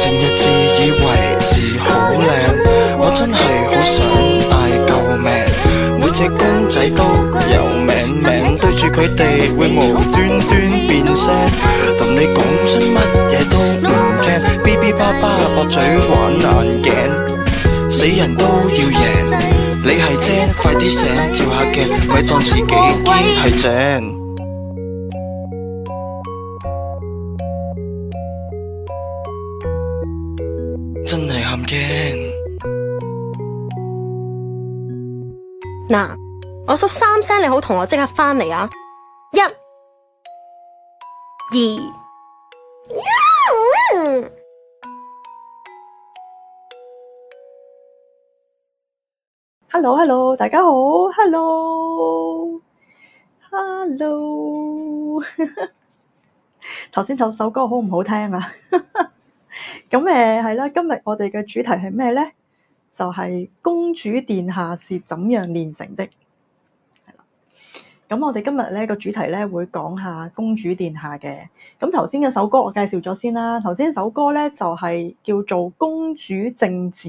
成日自以為是好靚，我真係好想嗌救命。每隻公仔都有名名，對住佢哋會無端端變聲。同你講出乜嘢都唔聽，B B 叭叭駁嘴玩硬頸。死人都要贏，你係精，快啲醒，照下鏡，咪當自己堅係正。嗱，我數三聲你好，同我即刻返嚟啊！一、二、三。Hello，Hello，大家好。Hello，Hello。頭先首首歌好唔好聽啊？咁誒，係啦，今日我哋嘅主題係咩咧？就係、是、公主殿下是怎樣煉成的，係啦。咁我哋今日咧個主題咧會講下公主殿下嘅。咁頭先嗰首歌我介紹咗先啦。頭先首歌咧就係叫做《公主政治》，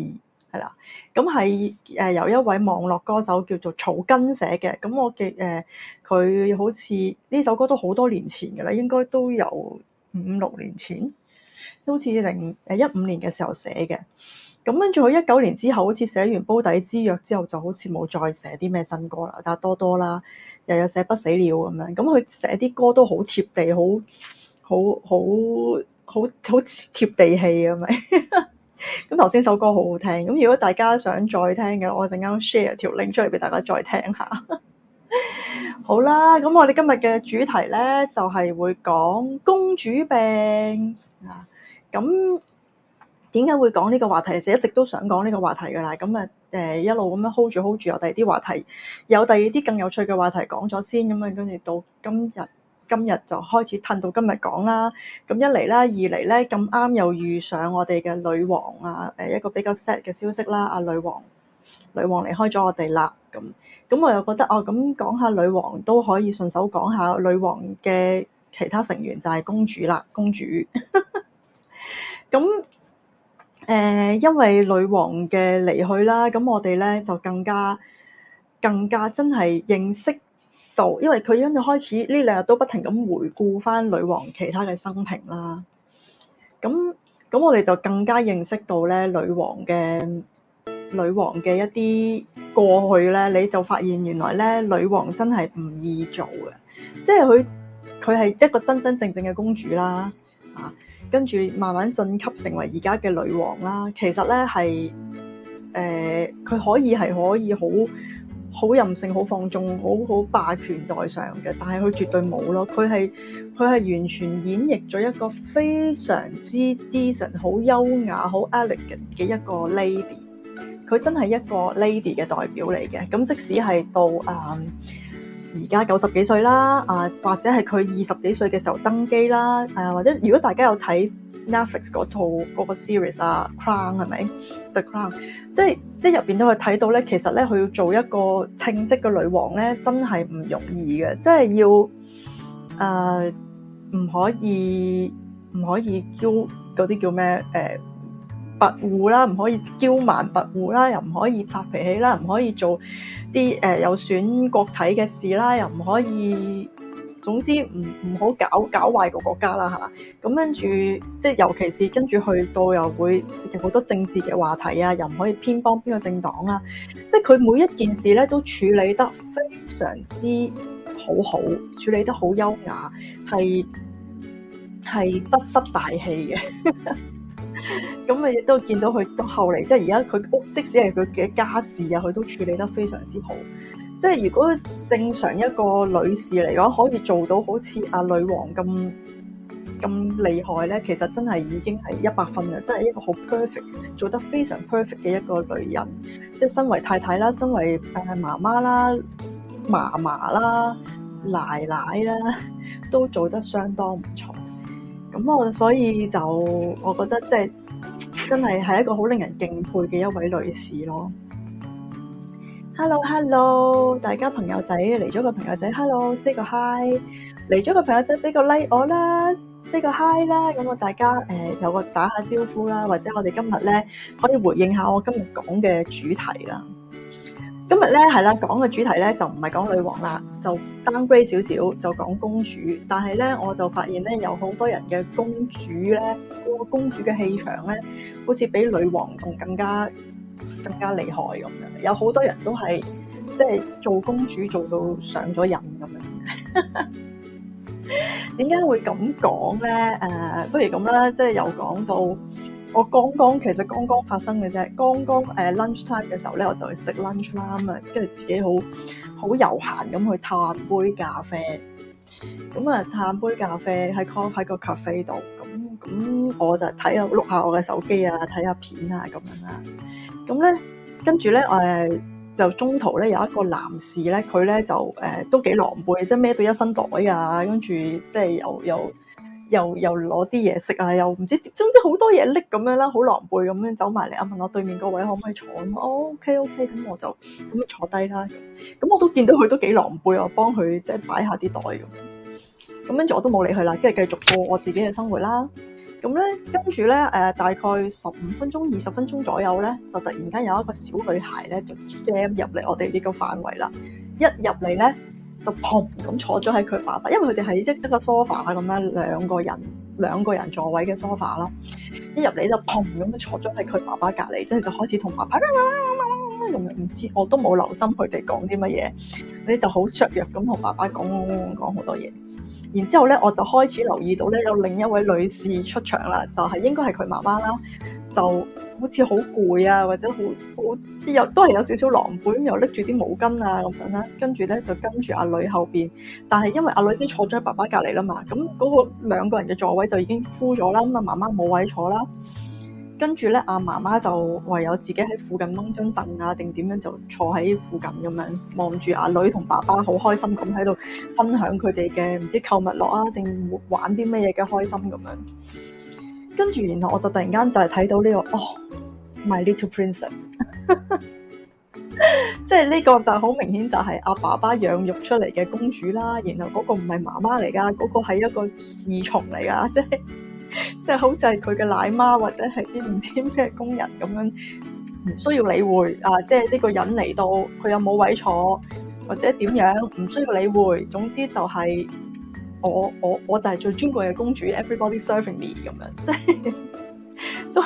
係啦。咁係誒，由一位網絡歌手叫做草根寫嘅。咁我記誒，佢好似呢首歌都好多年前嘅啦，應該都有五六年前。都好似零誒一五年嘅時候寫嘅，咁跟住佢一九年之後，好似寫完《煲底之約》之後，就好似冇再寫啲咩新歌啦，但多多啦，又有寫《不死鳥》咁樣，咁佢寫啲歌都好貼地，好好好好貼地氣咁咪。咁頭先首歌好好聽，咁如果大家想再聽嘅，我陣間 share 條 link 出嚟俾大家再聽下。 好啦，咁我哋今日嘅主題咧就係會講公主病啊。咁點解會講呢個話題？就一直都想講呢個話題噶啦。咁啊，誒一路咁樣 hold 住 hold 住，有第二啲話題，有第二啲更有趣嘅話題講咗先。咁啊，跟住到今日，今日就開始褪到今日講啦。咁一嚟啦，二嚟咧，咁啱又遇上我哋嘅女王啊！誒、呃、一個比較 sad 嘅消息啦，阿、啊、女王，女王離開咗我哋啦。咁咁我又覺得哦，咁講下女王都可以順手講下女王嘅其他成員，就係公主啦，公主。 咁誒，因為女王嘅離去啦，咁我哋咧就更加更加真係認識到，因為佢跟住開始呢兩日都不停咁回顧翻女王其他嘅生平啦。咁咁，我哋就更加認識到咧，女王嘅女王嘅一啲過去咧，你就發現原來咧，女王真係唔易做嘅，即係佢佢係一個真真正正嘅公主啦，啊。跟住慢慢晉級成為而家嘅女王啦。其實咧係誒，佢、呃、可以係可以好好任性、好放縱、好好霸權在上嘅。但係佢絕對冇咯。佢係佢係完全演繹咗一個非常之 decent，好優雅、好 elegant 嘅一個 lady。佢真係一個 lady 嘅代表嚟嘅。咁即使係到誒。Uh, 而家九十幾歲啦，啊或者係佢二十幾歲嘅時候登基啦，誒、啊、或者如果大家有睇 Netflix 嗰套嗰、嗰個 series 啊，Crown 係咪 The Crown？即係即係入邊都會睇到咧，其實咧佢要做一個稱職嘅女王咧，真係唔容易嘅，即係要誒唔、呃、可以唔可以嬌嗰啲叫咩誒？跋扈啦，唔可以嬌蠻跋扈啦，又唔可以發脾氣啦，唔可以做啲誒有損國體嘅事啦，又唔可以，總之唔唔好搞搞壞個國家啦嚇。咁跟住，即係尤其是跟住去到又會好多政治嘅話題啊，又唔可以偏幫邊個政黨啊。即係佢每一件事咧都處理得非常之好好，處理得好優雅，係係不失大氣嘅。 咁咪亦都見到佢到後嚟，即係而家佢屋，即使係佢嘅家事啊，佢都處理得非常之好。即係如果正常一個女士嚟講，可以做到好似阿女王咁咁厲害咧，其實真係已經係一百分啦，真係一個好 perfect，做得非常 perfect 嘅一個女人。即係身為太太啦，身為誒媽媽啦、嫲嫲啦、奶奶啦，都做得相當唔錯。咁我所以就，我覺得即係真係係一個好令人敬佩嘅一位女士咯。Hello Hello，大家朋友仔嚟咗個朋友仔，Hello say 個 hi，嚟咗個朋友仔俾個 like 我啦，say 個 hi 啦，咁我大家誒、呃、有個打下招呼啦，或者我哋今日咧可以回應下我今日講嘅主題啦。今日咧，係啦，講嘅主題咧就唔係講女王啦，就 downgrade 少少，就講公主。但係咧，我就發現咧，有好多人嘅公主咧，個公主嘅氣場咧，好似比女王仲更加更加厲害咁樣。有好多人都係即係做公主做到上咗癮咁樣。點 解會咁講咧？誒、呃，不如咁啦，即係又講到。我剛剛其實剛剛發生嘅啫，剛剛誒 lunch time 嘅時候咧，我就去食 lunch 啦嘛，跟住自己好好悠閒咁去嘆杯咖啡，咁啊嘆杯咖啡喺 coffee 喺個 cafe 度，咁、嗯、咁、嗯、我就睇下碌下我嘅手機啊，睇下片啊咁樣啦，咁咧跟住咧誒就中途咧有一個男士咧，佢咧就誒、呃、都幾狼狽，即係孭到一身袋啊，跟住即係又又。就是有有又又攞啲嘢食啊，又唔知總之好多嘢拎咁樣啦，好狼狽咁樣走埋嚟啊！問我對面個位可唔可以坐啊、嗯哦 okay, okay, 嗯？我 OK OK，咁我就咁、嗯、坐低啦。咁、嗯、我都見到佢都幾狼狽，我幫佢即係擺下啲袋咁。咁跟住我都冇理佢啦，跟住繼續過我自己嘅生活啦。咁、嗯、咧，跟住咧誒，大概十五分鐘、二十分鐘左右咧，就突然間有一個小女孩咧就 jam 入嚟我哋呢個範圍啦。一入嚟咧。就砰咁坐咗喺佢爸爸，因為佢哋係一一個 sofa 咁樣兩個人兩個人座位嘅 sofa 啦。一入嚟就砰咁坐咗喺佢爸爸隔離，即係就開始同爸爸咁用，唔知我都冇留心佢哋講啲乜嘢，你就好雀躍咁同爸爸講講好多嘢。然之後咧，我就開始留意到咧，有另一位女士出場啦，就係應該係佢媽媽啦。就好似好攰啊，或者好好似有都係有少少狼狽，咁又拎住啲毛巾啊咁樣啦，啊，跟住咧就跟住阿女後邊，但係因為阿女，為女已經坐咗喺爸爸隔籬啦嘛，咁，那，嗰個兩個人嘅座位就已經枯咗啦，咁啊媽媽冇位坐啦，跟住咧阿媽媽就唯有自己喺附近掹張凳啊，定點樣就坐喺附近咁樣望住阿女同爸爸好開心咁喺度分享佢哋嘅唔知購物樂啊，定玩啲咩嘢嘅開心咁樣。跟住，然後我就突然間就係睇到呢個哦，My Little Princess， 即係呢個就好明顯就係阿爸爸養育出嚟嘅公主啦。然後嗰個唔係媽媽嚟噶，嗰個係一個侍從嚟噶，即係即係好似係佢嘅奶媽或者係啲唔知咩工人咁樣，唔需要理會啊！即係呢個人嚟到，佢又冇位坐或者點樣，唔需要理會。總之就係。我我我就係做尊貴嘅公主，everybody serving me 咁樣，即係都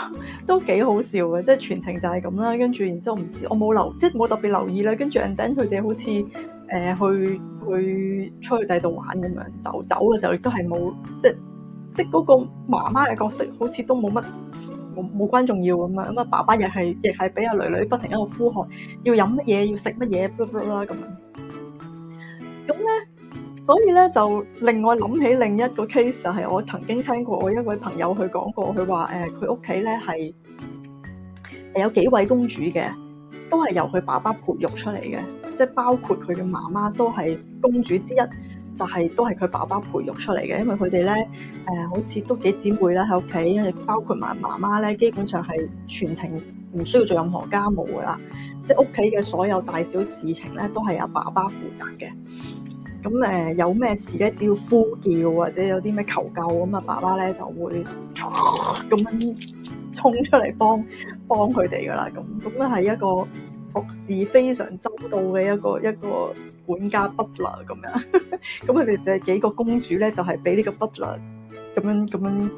都幾好笑嘅，即係全程就係咁啦。跟住，然之後唔知我冇留，即係冇特別留意啦。跟住 and then 佢哋好似誒、呃、去去，去出去第度玩咁樣，走走嘅時候亦都係冇，即係即係嗰個媽媽嘅角色好，好似都冇乜冇冇關重要咁啊。咁啊，爸爸又係亦係俾阿女女不停喺度呼喊，要飲乜嘢，要食乜嘢，bulbul 啦咁樣。咁咧。所以咧就另外諗起另一個 case，就係我曾經聽過我一位朋友去講過，佢話誒佢屋企咧係有幾位公主嘅，都係由佢爸爸培育出嚟嘅，即係包括佢嘅媽媽都係公主之一，就係都係佢爸爸培育出嚟嘅，因為佢哋咧誒好似都幾姊妹啦喺屋企，包括埋媽媽咧，基本上係全程唔需要做任何家務噶啦，即係屋企嘅所有大小事情咧都係由爸爸負責嘅。咁誒有咩事咧，只要呼叫或者有啲咩求救咁啊，爸爸咧就會咁、啊、樣衝出嚟幫幫佢哋噶啦。咁咁咧係一個服侍非常周到嘅一個一個管家 butler 咁樣。咁佢哋嘅幾個公主咧，就係俾呢個 butler 咁樣咁樣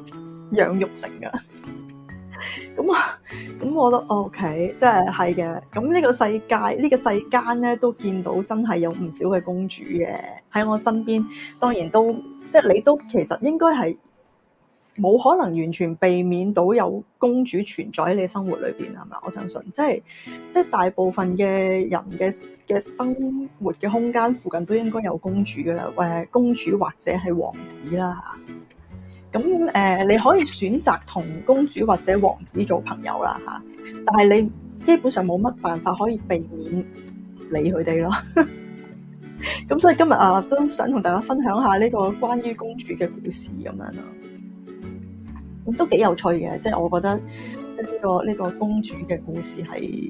養育成噶。咁我咁我都 OK，即係係嘅。咁呢、嗯這個世界呢、這個世間咧，都見到真係有唔少嘅公主嘅喺我身邊。當然都即係你都其實應該係冇可能完全避免到有公主存在喺你生活裏邊，係咪？我相信即係即係大部分嘅人嘅嘅生活嘅空間附近都應該有公主㗎喇，誒、呃、公主或者係王子啦。咁誒，你可以選擇同公主或者王子做朋友啦嚇，但係你基本上冇乜辦法可以避免理佢哋咯。咁 所以今日啊，都想同大家分享下呢個關於公主嘅故事咁樣咯。咁都幾有趣嘅，即係我覺得呢個呢個公主嘅故事係。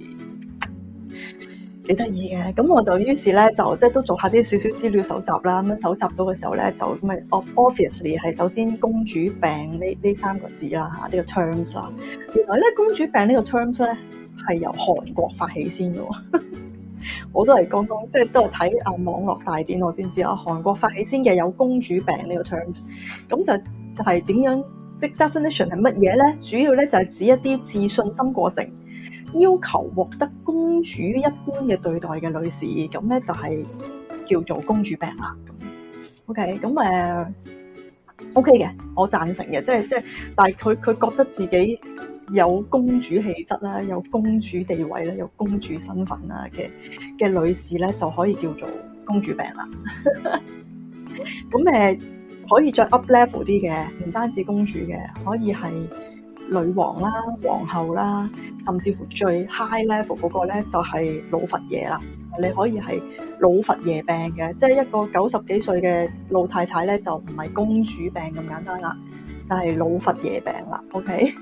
幾得意嘅，咁我就於是咧就即係都做下啲少少資料搜集啦，咁樣搜集到嘅時候咧就咁咪，obviously 係首先公主病呢呢三個字啦嚇，呢個 terms 啦，原來咧公主病呢個 terms 咧係由韓國發起先嘅， 我都係剛剛即係都係睇啊網絡大典我先知啊，韓國發起先嘅有公主病呢個 terms，咁就就係點樣即 definition 係乜嘢咧？主要咧就係指一啲自信心過盛。要求獲得公主一般嘅對待嘅女士，咁咧就係叫做公主病啦。OK，咁誒、uh, OK 嘅，我贊成嘅，即係即係，但係佢佢覺得自己有公主氣質啦，有公主地位啦，有公主身份啦嘅嘅女士咧，就可以叫做公主病啦。咁 誒、uh，可以再 up level 啲嘅，唔單止公主嘅，可以係。女王啦、皇后啦，甚至乎最 high level 嗰個咧，就係老佛爺啦。你可以係老佛爺病嘅，即係一個九十幾歲嘅老太太咧，就唔係公主病咁簡單啦，就係、是、老佛爺病啦。OK，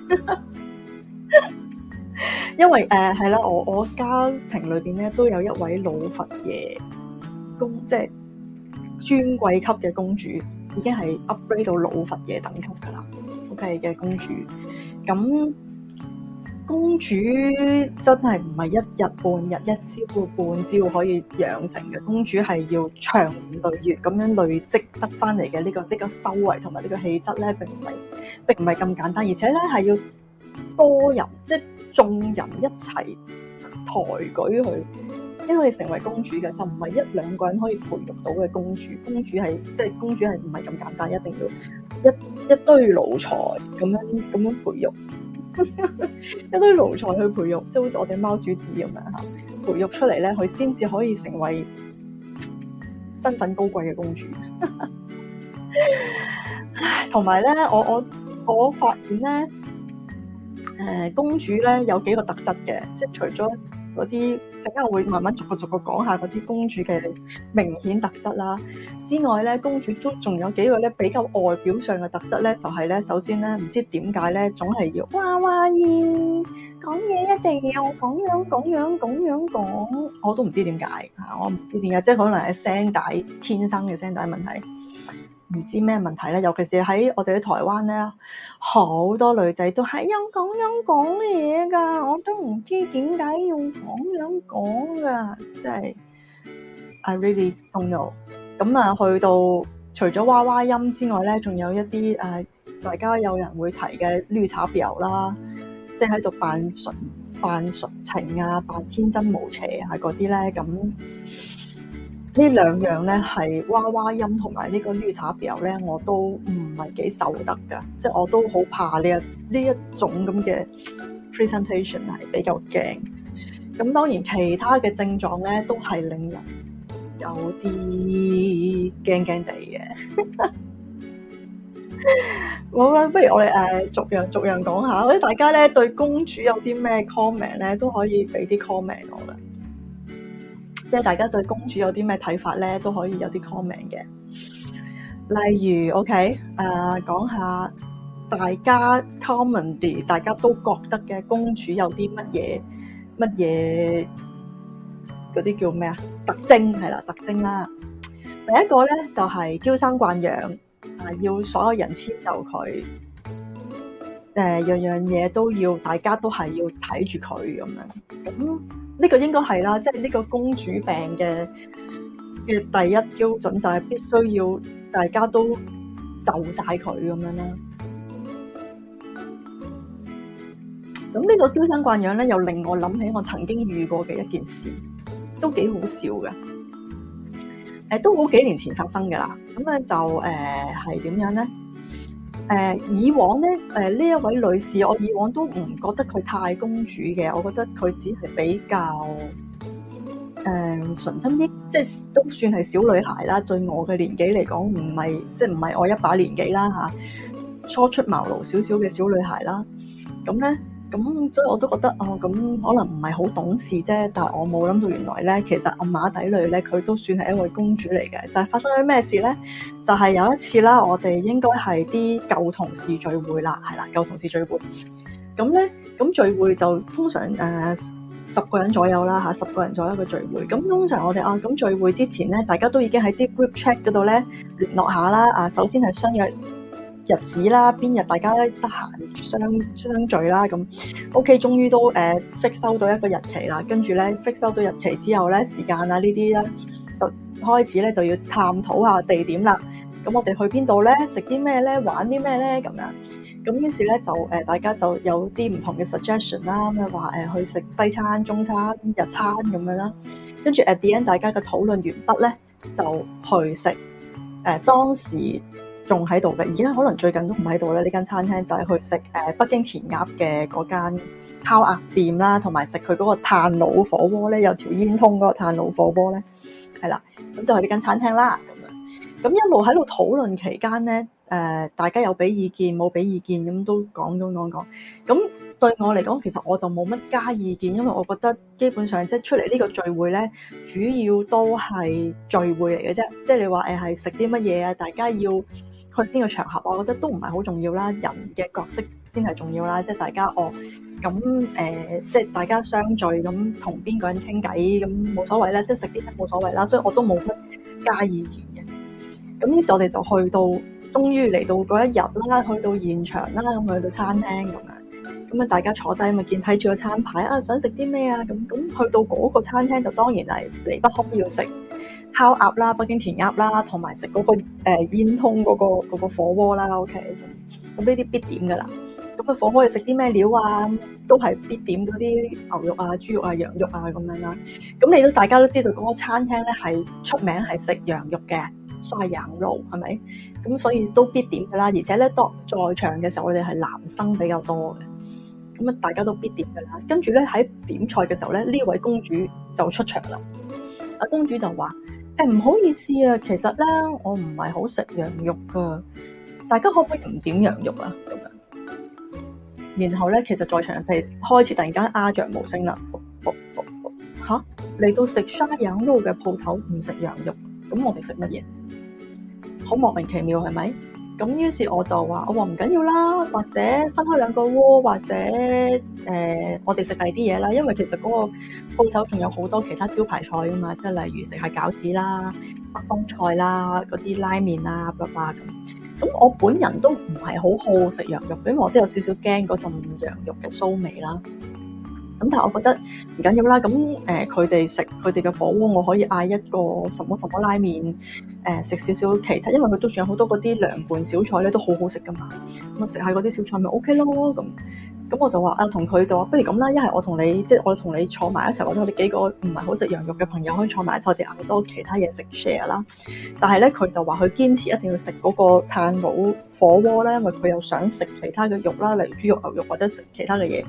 因為誒係、呃、啦，我我家庭裏邊咧都有一位老佛爺公，即係尊貴級嘅公主，已經係 upgrade 到老佛爺等級㗎喇。OK 嘅公主。咁公主真係唔係一日半日、一朝半朝可以養成嘅，公主係要長年累月咁樣累積得翻嚟嘅呢個呢、呢個修為同埋呢個氣質咧，並唔係並唔係咁簡單，而且咧係要多人即係、就是、眾人一齊抬舉佢。因為成為公主嘅就唔係一兩個人可以培育到嘅公主，公主係即係公主係唔係咁簡單，一定要一一堆奴才咁樣咁樣培育， 一堆奴才去培育，即係好似我哋貓主子咁樣吓，培育出嚟咧，佢先至可以成為身份高貴嘅公主。同埋咧，我我我發現咧，誒、呃，公主咧有幾個特質嘅，即係除咗。嗰啲，等間我會慢慢逐個逐個講下嗰啲公主嘅明顯特質啦。之外咧，公主都仲有幾個咧比較外表上嘅特質咧，就係咧，首先咧，唔知點解咧，總係要哇哇咦，講嘢一定要咁樣咁樣咁樣講，我都唔知點解吓，我唔知點解，即係可能係聲帶天生嘅聲帶問題。唔知咩問題咧，尤其是喺我哋喺台灣咧，好多女仔都係咁講音講嘢㗎，我都唔知點解要講音講㗎，即係。I really don't know。咁啊，去到除咗娃娃音之外咧，仲有一啲誒，大家有人會提嘅綠茶婊啦，即係喺度扮純扮純情啊，扮天真無邪啊嗰啲咧，咁。兩嘩嘩呢兩樣咧係娃娃音同埋呢個獼茶表咧，我都唔係幾受得㗎，即係我都好怕呢一呢一種咁嘅 presentation 係比較驚。咁當然其他嘅症狀咧都係令人有啲驚驚地嘅。 好啦，不如我哋誒逐樣逐樣講下，或者大家咧對公主有啲咩 comment 咧都可以俾啲 comment 我嘅。即係大家對公主有啲咩睇法咧，都可以有啲 comment 嘅。例如，OK，誒，講下大家 commonly，大家都覺得嘅公主有啲乜嘢乜嘢嗰啲叫咩啊？特徵係啦，特徵啦。第一個咧就係嬌生慣養，啊，要所有人遷就佢。誒，樣樣嘢都要，大家都係要睇住佢咁樣，咁。呢個應該係啦，即係呢個公主病嘅嘅第一標準就係、是、必須要大家都就晒佢咁樣啦。咁呢個嬌生慣養咧，又令我諗起我曾經遇過嘅一件事，都幾好笑㗎。誒、呃，都好幾年前發生㗎喇。咁咧就誒係點樣咧？誒、呃、以往咧，誒、呃、呢一位女士，我以往都唔覺得佢太公主嘅，我覺得佢只係比較誒純真啲，即係都算係小女孩啦。對我嘅年紀嚟講，唔係即係唔係我一把年紀啦吓、啊，初出茅廬少少嘅小女孩啦，咁咧。咁所以我都覺得哦，咁可能唔係好懂事啫，但係我冇諗到原來咧，其實暗、啊、馬底裏咧佢都算係一位公主嚟嘅。就係、是、發生咗啲咩事咧？就係、是、有一次啦，我哋應該係啲舊同事聚會啦，係啦，舊同事聚會。咁咧，咁聚會就通常誒十、呃、個人左右啦嚇，十、啊、個人左右嘅聚會。咁通常我哋啊，咁聚會之前咧，大家都已經喺啲 group chat 嗰度咧聯絡下啦。啊，首先係相約。日子啦，邊日大家咧得閒相相聚啦，咁 OK，終於都誒收到一個日期啦，跟住咧築收到日期之後咧，時間啊呢啲咧就開始咧就要探討下地點啦。咁我哋去邊度咧？食啲咩咧？玩啲咩咧？咁樣咁於是咧就誒、呃、大家就有啲唔同嘅 suggestion 啦，咁啊話誒去食西餐、中餐、日餐咁樣啦。跟住 at the end 大家嘅討論完畢咧，就去食誒、呃、當時。仲喺度嘅，而家可能最近都唔喺度咧。呢間餐廳就係去食誒北京填鴨嘅嗰間烤鴨店啦，同埋食佢嗰個炭爐火鍋咧，有條煙通嗰個炭爐火鍋咧，係啦，咁就係呢間餐廳啦。咁樣咁一路喺度討論期間咧，誒、呃、大家有俾意見冇俾意見，咁都講講講講。咁對我嚟講，其實我就冇乜加意見，因為我覺得基本上即係出嚟呢個聚會咧，主要都係聚會嚟嘅啫。即係你話誒係食啲乜嘢啊？大家要，去邊個場合，我覺得都唔係好重要啦。人嘅角色先係重要啦，即係大家哦，咁誒、呃，即係大家相聚咁，同邊個人傾偈咁冇所謂啦。即係食啲乜冇所謂啦。所以我都冇乜加意見嘅。咁於是，我哋就去到，終於嚟到嗰一日啦，去到現場啦，咁去到餐廳咁樣，咁啊大家坐低咪見睇住個餐牌啊，想食啲咩啊咁，咁去到嗰個餐廳就當然係離不開要食。烤鴨啦，北京填鴨啦，同埋食嗰個誒、呃、煙通嗰、那個那個火鍋啦，OK，咁呢啲必點㗎喇。咁嘅火鍋要食啲咩料啊？都係必點嗰啲牛肉啊、豬肉啊、羊肉啊咁樣啦。咁你都大家都知道，嗰、那個餐廳咧係出名係食羊肉嘅，涮羊肉係咪？咁所以都必點㗎喇。而且咧，當在場嘅時候，我哋係男生比較多嘅，咁啊大家都必點㗎喇。跟住咧喺點菜嘅時候咧，呢位公主就出場啦。阿公主就話。誒，唔、欸，好意思啊，其實咧我唔係好食羊肉噶，大家可唔可以唔點羊肉啊？咁樣。然後咧，其實在場地開始突然間鴉雀無聲啦，吓、哦、嚟、哦哦、到食沙養撈嘅鋪頭唔食羊肉，咁我哋食乜嘢？好莫名其妙係咪？咁於是我就話：我話唔緊要啦，或者分開兩個鍋，或者誒、呃、我哋食第二啲嘢啦。因為其實嗰個鋪頭仲有好多其他招牌菜噶嘛，即係例如食下餃子啦、北方菜啦、嗰啲拉麵啦、咁咁。我本人都唔係好好食羊肉，因為我都有少少驚嗰陣羊肉嘅臊味啦。咁但係我覺得唔緊要啦，咁誒佢哋食佢哋嘅火鍋，我可以嗌一個什麼什麼拉麵，誒食少少其他，因為佢都算有好多嗰啲涼拌小菜咧，都好好食噶嘛，咁食下嗰啲小菜咪 OK 咯咁，咁我就話啊同佢就話不如咁啦，一係我同你即係我同你坐埋一齊，或者我哋幾個唔係好食羊肉嘅朋友可以坐埋一齊，我哋嗌多其他嘢食 share 啦。但係咧佢就話佢堅持一定要食嗰個炭爐火鍋咧，因為佢又想食其他嘅肉啦，例如豬肉、牛肉或者食其他嘅嘢，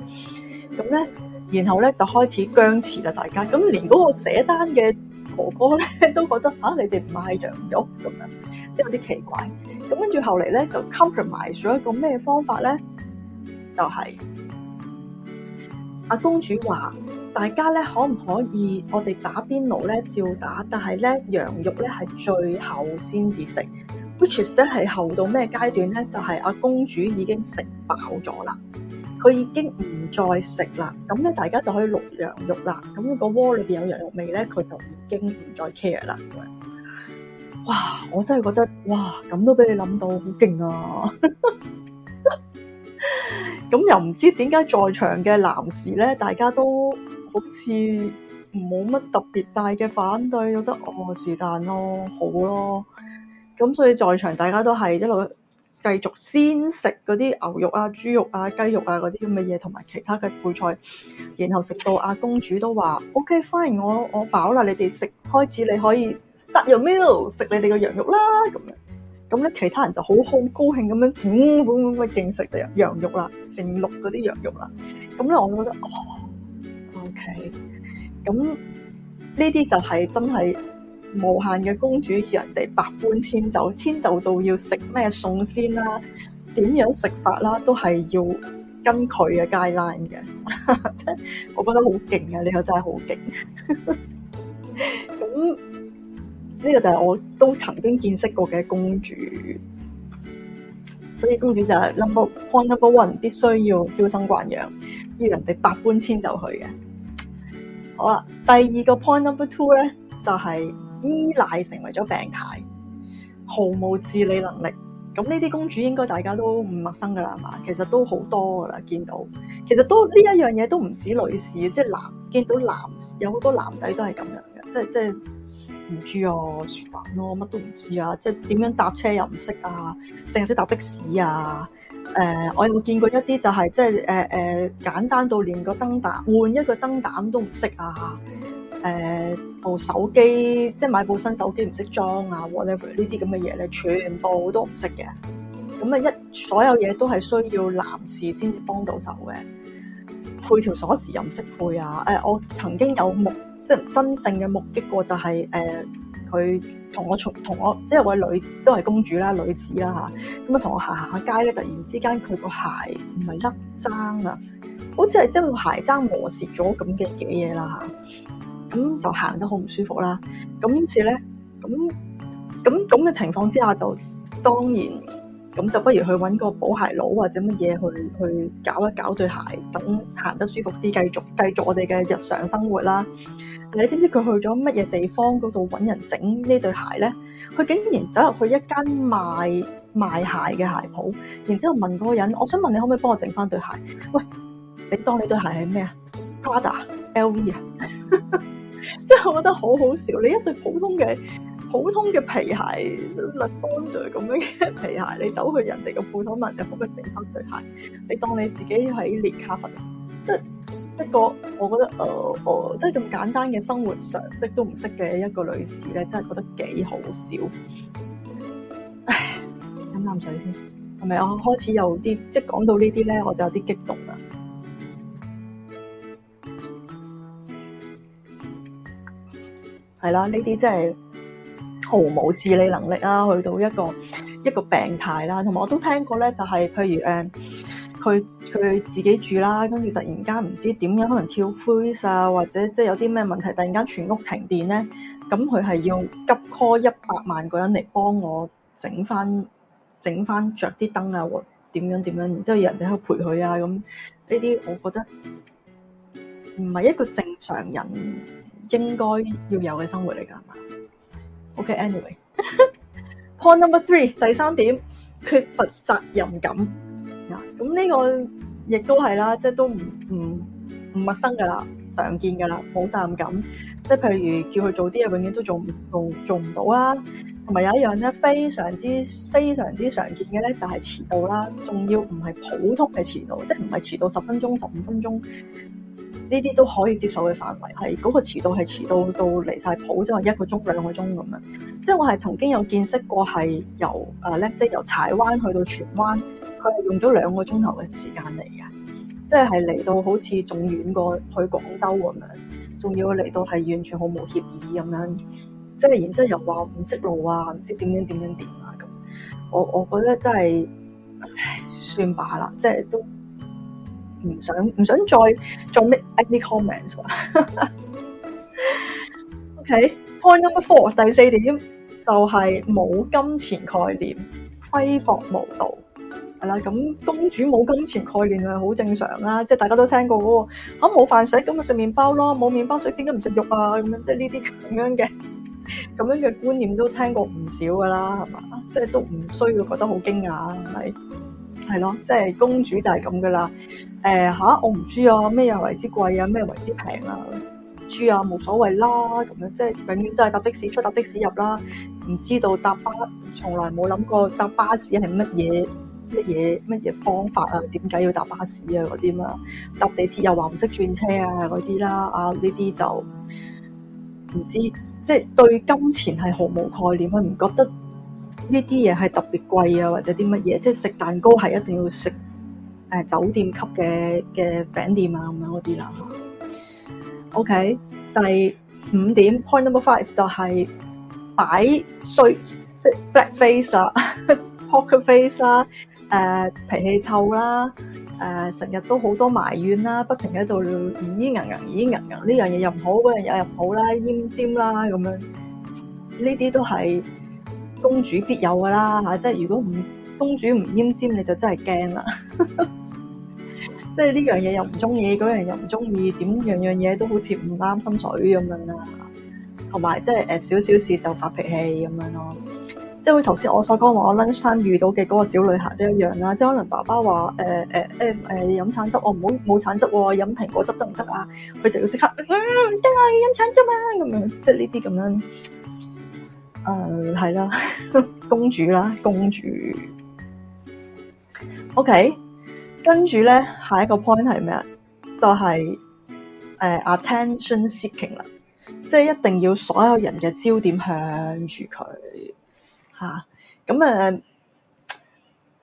咁咧。然後咧就開始僵持啦，啊就是，大家咁連嗰個寫單嘅哥哥咧都覺得嚇你哋唔買羊肉咁樣，即係有啲奇怪。咁跟住後嚟咧就 compromise 咗一個咩方法咧？就係阿公主話：大家咧可唔可以我哋打邊爐咧照打，但係咧羊肉咧係最後先至食。Which is 咧係後到咩階段咧？就係阿公主已經食飽咗啦。佢已經唔再食啦，咁咧大家就可以淥羊肉啦。咁個鍋裏邊有羊肉味咧，佢就已經唔再 care 啦。哇！我真係覺得哇，咁都俾你諗到好勁啊！咁 又唔知點解在場嘅男士咧，大家都好似冇乜特別大嘅反對，覺得哦是但咯，好咯。咁所以在場大家都係一路。繼續先食嗰啲牛肉啊、豬肉啊、雞肉啊嗰啲咁嘅嘢，同埋其他嘅配菜，然後食到阿公主都話：OK fine，我我飽啦，你哋食開始，你可以 start your meal，食你哋嘅羊肉啦咁樣。咁咧其他人就好好高興咁樣，嗯，咁嘅勁食羊肉啦，成六嗰啲羊肉啦。咁咧我覺得，oh，OK，咁呢啲就係真係。無限嘅公主，要人哋百般遷就，遷就到要食咩餸先啦，啊？點樣食法啦，啊？都係要跟佢嘅 guideline 嘅， 我覺得好勁啊！你、這、又、個、真係好勁。咁 呢、這個就係我都曾經見識過嘅公主，所以公主就係 number point number one，必須要嬌生慣養，要人哋百般遷就佢嘅。好啦，第二個 point number two 咧，就係、是。依賴成為咗病態，毫無自理能力。咁呢啲公主應該大家都唔陌生噶啦嘛，其實都好多噶啦，見到。其實都呢一樣嘢都唔止女士，即係男見到男有好多男仔都係咁樣嘅，即係即係唔知啊、哦，亂咯、哦，乜都唔知啊，即係點樣搭車又唔識啊，淨係識搭的士啊。誒、呃，我有見過一啲就係、是、即係誒誒，簡單到連個燈膽換一個燈膽都唔識啊。誒、呃，部手機即係買部新手機唔識裝啊，whatever 呢啲咁嘅嘢咧，全部都唔識嘅。咁啊，一所有嘢都係需要男士先至幫到手嘅。配條鎖匙又唔識配啊。誒、呃，我曾經有目即係真正嘅目擊過、就是，就係誒佢同我從同我即係我女都係公主啦，女子啦吓咁啊，同我行行下街咧，突然之間佢個鞋唔係甩踭啊，好似係即係個鞋踭磨蝕咗咁嘅嘢嘢啦吓。咁就行得好唔舒服啦，咁於是咧，咁咁咁嘅情況之下就，就當然咁就不如去揾個補鞋佬或者乜嘢去去搞一搞對鞋，等行得舒服啲，繼續繼續我哋嘅日常生活啦。你知唔知佢去咗乜嘢地方嗰度揾人整呢對鞋咧？佢竟然走入去一間賣賣鞋嘅鞋鋪，然之後問嗰人，我想問你可唔可以幫我整翻對鞋？喂，你當你對鞋係咩啊 Prada LV 啊？ 即係我覺得好好笑，你一對普通嘅普通嘅皮鞋律 i z 咁樣嘅皮鞋，你走去人哋嘅富士文就仆嘅整翻對鞋，你當你自己喺列卡佛，即係一個我覺得誒誒，即係咁簡單嘅生活常識都唔識嘅一個女士咧，真係覺得幾好笑。唉，飲啖水先，係咪我開始有啲即係講到呢啲咧，我就有啲激動啦。係啦，呢啲即係毫無自理能力啦、啊，去到一個一個病態啦、啊，同埋我都聽過咧，就係、是、譬如誒，佢、呃、佢自己住啦、啊，跟住突然間唔知點樣，可能跳灰啊，或者即係有啲咩問題，突然間全屋停電咧，咁佢係要急 call 一百萬個人嚟幫我整翻整翻着啲燈啊，或點樣點樣，然之後人哋喺度陪佢啊，咁呢啲我覺得唔係一個正常人。應該要有嘅生活嚟㗎，係嘛？OK，anyway。Okay, anyway. Point number three，第三點，缺乏責任感。啊，咁呢個亦都係啦，即係都唔唔唔陌生㗎啦，常見㗎啦，冇責任感。即係譬如叫佢做啲嘢，永遠都做唔到，做唔到啦、啊。同埋有一樣咧，非常之非常之常見嘅咧，就係、是、遲到啦。仲要唔係普通嘅遲到，即係唔係遲到十分鐘、十五分鐘。呢啲都可以接受嘅範圍，係嗰個遲到係遲到到離晒譜，即係一個鐘兩個鐘咁樣。即係我係曾經有見識過係由誒，let’s say 由柴灣去到荃灣，佢係用咗兩個鐘頭嘅時間嚟嘅。即係係嚟到好似仲遠過去廣州咁樣，仲要嚟到係完全毫無協議咁樣。即係然之後又話唔識路啊，唔知點樣點樣點啊咁。我我覺得真係唉算罷啦，即係都。唔想唔想再做咩 any comments，OK。Point number four，第四點就係冇金錢概念，揮霍無度。係啦，咁公主冇金錢概念係好正常啦，即係大家都聽過喎。嚇冇飯食，咁咪食麵包咯，冇麵包食，點解唔食肉啊？咁樣即係呢啲咁樣嘅咁樣嘅觀念都聽過唔少噶啦，係嘛？即係都唔需要覺得好驚訝係咪？係咯，即係公主就係咁噶啦。誒、呃，吓、啊、我唔知啊，咩又為之貴啊，咩為之平啊，唔知啊，冇所謂啦、啊。咁樣即係永遠都係搭的士出，搭的士入啦、啊。唔知道搭巴，從來冇諗過搭巴士係乜嘢乜嘢乜嘢方法啊？點解要搭巴士啊？嗰啲嘛，搭地鐵又話唔識轉車啊？嗰啲啦，啊呢啲就唔知，即係對金錢係毫無概念，啊，佢唔覺得。呢啲嘢係特別貴啊，或者啲乜嘢，即係食蛋糕係一定要食誒酒店級嘅嘅餅店啊咁樣嗰啲啦。OK，第五點 point number five 就係擺衰，即係 black face 啦，poker face 啦，誒脾氣臭啦，誒成日都好多埋怨啦，不停喺度咿咿噏噏，咿咿噏噏，呢樣嘢又唔好，嗰樣嘢又唔好啦，奄尖啦咁樣，呢啲都係。公主必有噶啦，嚇！即係如果唔公主唔奄尖，你就真係驚啦。 即係呢樣嘢又唔中意，嗰樣又唔中意，點樣樣嘢都好似唔啱心水咁樣啦。同埋即係誒，少少事就發脾氣咁樣咯。即係好似頭先我所講話，我 lunch time 遇到嘅嗰個小女孩都一樣啦。即係可能爸爸話誒誒誒誒飲橙汁，我唔好冇橙汁，哦，飲蘋果汁得唔得啊？佢就要即刻嗯真係飲橙汁啊咁樣，即係呢啲咁樣。誒，係啦、嗯，公主啦，公主。OK，跟住咧，下一個 point 係咩啊？就係、是、誒、呃、attention seeking 啦，即係一定要所有人嘅焦點向住佢吓。咁、啊、誒、呃，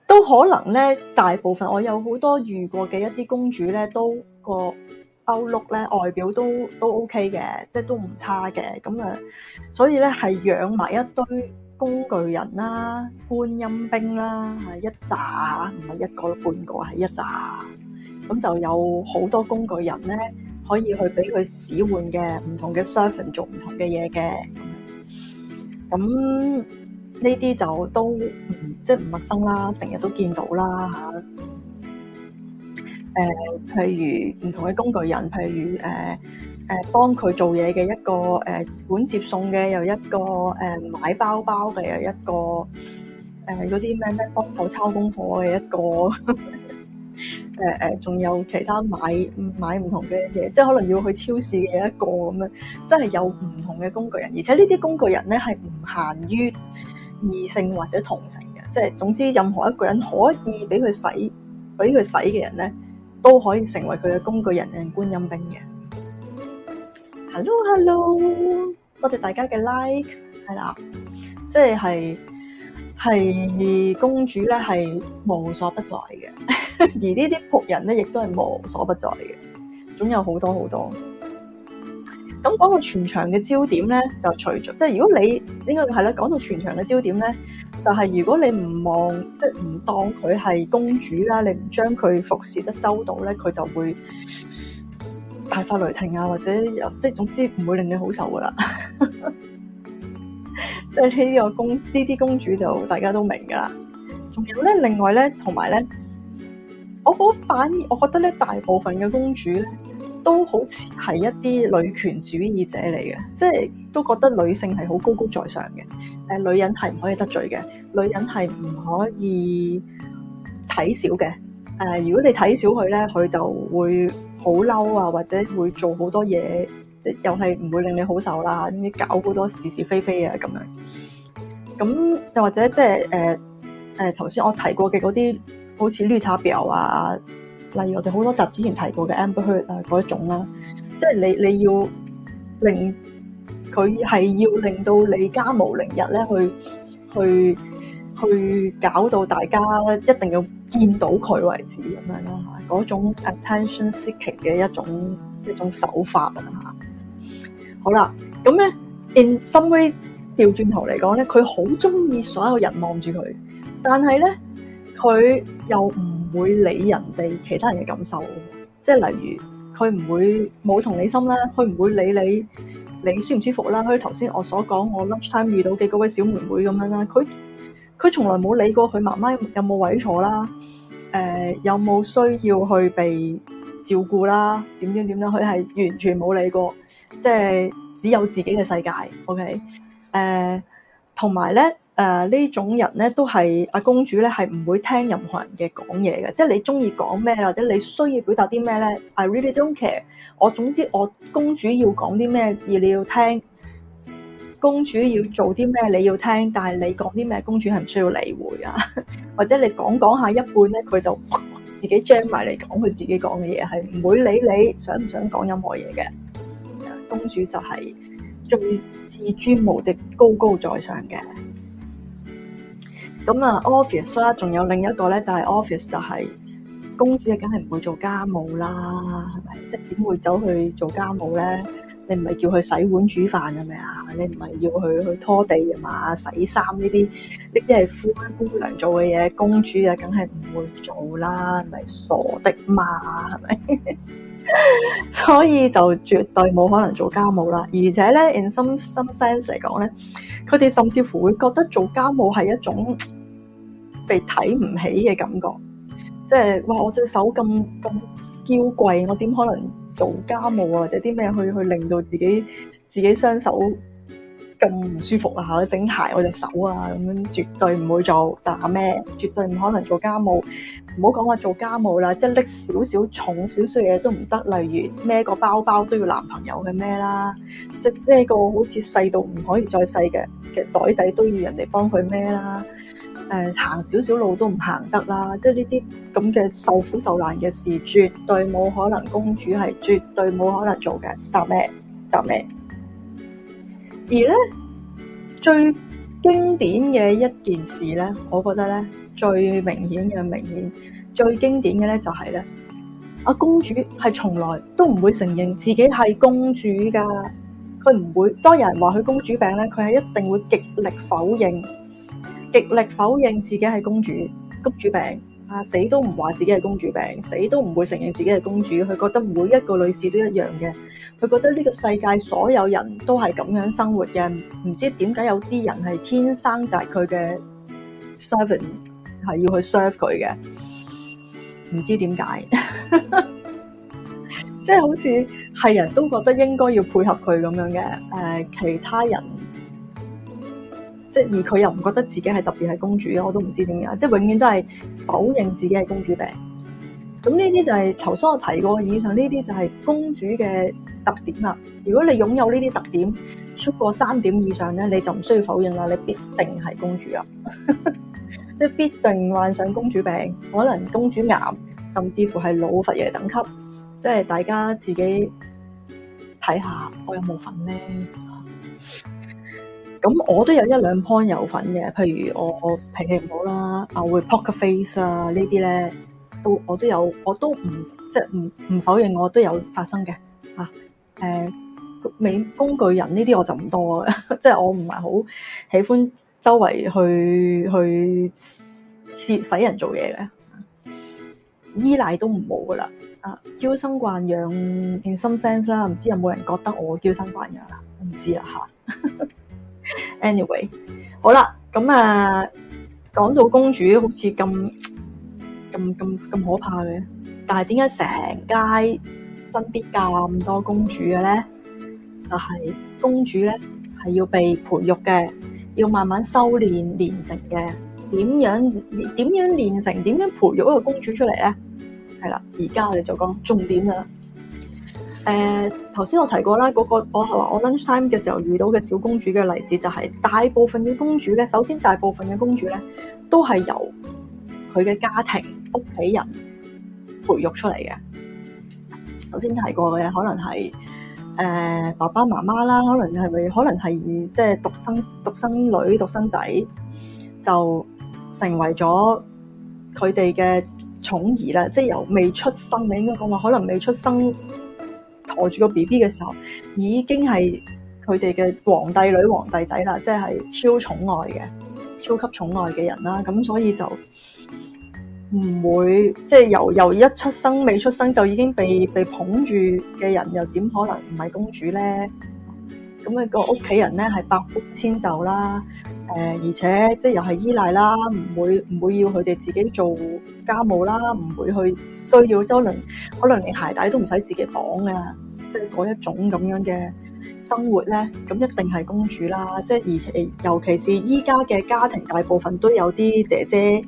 都可能咧，大部分我有好多遇過嘅一啲公主咧，都個。Outlook 咧，外表都都 OK 嘅，即係都唔差嘅咁啊，所以咧，係養埋一堆工具人啦、觀音兵啦，一扎唔係一個半個，係一扎，咁就有好多工具人咧，可以去俾佢使喚嘅，唔同嘅 surround 做唔同嘅嘢嘅，咁呢啲就都即係唔陌生啦，成日都見到啦嚇。誒，譬、呃、如唔同嘅工具人，譬如誒誒幫佢做嘢嘅一個誒、呃，管接送嘅又一個誒、呃，買包包嘅又一個誒，嗰啲咩咩幫手抄功課嘅一個誒誒，仲、 呃呃、有其他買買唔同嘅嘢，即係可能要去超市嘅一個咁樣，即係有唔同嘅工具人，而且呢啲工具人咧係唔限於異性或者同性嘅，即係總之任何一個人可以俾佢使俾佢使嘅人咧。都可以成為佢嘅工具人、人觀音兵嘅。Hello，Hello，Hello，多謝大家嘅 Like，係啦，即係係公主咧係無所不在嘅，而呢啲仆人咧亦都係無所不在嘅，總有好多好多。咁講到全場嘅焦點咧，就隨住即係如果你應該係啦，講到全場嘅焦點咧，就係如果你唔望即係唔當佢係公主啦，你唔將佢服侍得周到咧，佢就會大發雷霆啊，或者又即係總之唔會令你好受噶啦。即係呢個公呢啲公主就大家都明噶啦。仲有咧，另外咧，同埋咧，我好反而我覺得咧，大部分嘅公主咧。都好似係一啲女權主義者嚟嘅，即係都覺得女性係好高高在上嘅。誒、呃，女人係唔可以得罪嘅，女人係唔可以睇小嘅。誒、呃，如果你睇小佢咧，佢就會好嬲啊，或者會做好多嘢，又係唔會令你好受啦、啊。呢啲搞好多是是非非啊，咁樣。咁又或者即係誒誒，頭、呃、先、呃、我提過嘅嗰啲，好似綠茶婊啊。例如我哋好多集之前提過嘅 Amber Heard 啊，嗰一種啦，即係你你要令佢係要令到你家無寧日咧，去去去搞到大家一定要見到佢為止咁樣啦嚇，嗰種 attention seeking 嘅一種一種手法啊嚇。好啦，咁咧 in some way 調轉頭嚟講咧，佢好中意所有人望住佢，但係咧。佢又唔會理人哋其他人嘅感受，即係例如佢唔會冇同理心啦，佢唔會理你你舒唔舒服啦。好似頭先我所講，我 lunch time 遇到嘅嗰位小妹妹咁樣啦，佢佢從來冇理過佢媽媽有冇位坐啦，誒有冇需要去被照顧啦，點點點啦，佢係完全冇理過，即係只有自己嘅世界。OK，誒同埋咧。誒呢、uh, 種人咧，都係阿公主咧，係唔會聽任何人嘅講嘢嘅。即係你中意講咩，或者你需要表達啲咩咧，I really don't care。我總之我公主要講啲咩，而你要聽公主要做啲咩，你要聽。但係你講啲咩，公主係唔需要理會啊。 或者你講一講下一,一半咧，佢就自己 jam 埋嚟講佢自己講嘅嘢，係唔會理你想唔想講任何嘢嘅。公主就係最至尊無敵、高高在上嘅。咁啊，office 啦，仲有另一個咧，就係 office 就係公主啊，梗係唔會做家務啦，係咪？即點會走去做家務咧？你唔係叫佢洗碗煮飯係咪啊？你唔係要佢去拖地啊嘛、洗衫呢啲？呢啲係夫姑娘做嘅嘢，公主啊，梗係唔會做啦，係咪？傻的嘛，係咪？所以就絕對冇可能做家務啦。而且咧，in some some sense 嚟講咧，佢哋甚至乎會覺得做家務係一種。被睇唔起嘅感覺，即係哇！我隻手咁咁嬌貴，我點可能做家務啊？或者啲咩去去令到自己自己雙手咁唔舒服啊？整鞋我隻手啊，咁樣絕對唔會做打咩，絕對唔可能做家務。唔好講話做家務啦，即係拎少少重少少嘢都唔得，例如孭個包包都要男朋友去孭啦，即係孭個好似細到唔可以再細嘅嘅袋仔都要人哋幫佢孭啦。誒，行少少路都唔行得啦，即係呢啲咁嘅受苦受難嘅事，絕對冇可能，公主係絕對冇可能做嘅。答咩？答咩？而咧最經典嘅一件事咧，我覺得咧最明顯嘅、明顯最經典嘅咧就係咧，阿公主係從來都唔會承認自己係公主噶，佢唔會，當有人話佢公主病咧，佢係一定會極力否認。極力否認自己係公主，公主病啊，死都唔話自己係公主病，死都唔會承認自己係公主。佢覺得每一個女士都一樣嘅，佢覺得呢個世界所有人都係咁樣生活嘅。唔知點解有啲人係天生就係佢嘅 servant，係要去 serve 佢嘅，唔知點解，即 係好似係人都覺得應該要配合佢咁樣嘅。誒、呃，其他人。即而佢又唔覺得自己係特別係公主嘅，我都唔知點解，即係永遠都係否認自己係公主病。咁呢啲就係頭先我提過以上呢啲就係公主嘅特點啦。如果你擁有呢啲特點，超過三點以上咧，你就唔需要否認啦，你必定係公主噶， 即係必定患上公主病，可能公主癌，甚至乎係老佛爺等級，即係大家自己睇下，我有冇份咧？咁我都有一兩 point 有份嘅，譬如我平我脾氣唔好啦，啊會 poker face 啊呢啲咧，都我，我都有，我都唔即係唔唔否認我都有發生嘅嚇。誒、啊呃、美工具人呢啲我就唔多 即係我唔係好喜歡周圍去去，去使，使人做嘢嘅。依賴都唔好噶啦，啊嬌生慣養，in some sense 啦，唔知有冇人覺得我嬌生慣養啦？唔知啊嚇。 Anyway，好啦，咁、嗯、啊，講到公主好似咁咁咁咁可怕嘅，但係點解成街身邊咁多公主嘅咧？就係公主咧係要被培育嘅，要慢慢修煉練成嘅。點樣點樣練成？點樣培育一個公主出嚟咧？係啦，而家我哋就講重點啦。誒頭先我提過啦，嗰個我係話我 lunch time 嘅時候遇到嘅小公主嘅例子，就係大部分嘅公主咧，首先大部分嘅公主咧都係由佢嘅家庭屋企人培育出嚟嘅。頭先提過嘅可能係誒爸爸媽媽啦，可能係咪，可能係即係獨生，獨生女獨生仔就成為咗佢哋嘅寵兒啦。即係由未出生，你應該講話可能未出生。呆住個 BB 嘅時候，已經係佢哋嘅皇帝女、皇帝仔啦，即係超寵愛嘅、超級寵愛嘅人啦。咁所以就唔會，即係由由一出生未出生就已經被被捧住嘅人，又點可能唔係公主呢？咁、那、你個屋企人咧係百般遷就啦，誒、呃、而且即係又係依賴啦，唔會唔會要佢哋自己做家務啦，唔會去需要周輪，可能連鞋帶都唔使自己綁噶。即係嗰一種咁樣嘅生活咧，咁一定係公主啦。即係而且，尤其是依家嘅家庭，大部分都有啲姐姐，誒、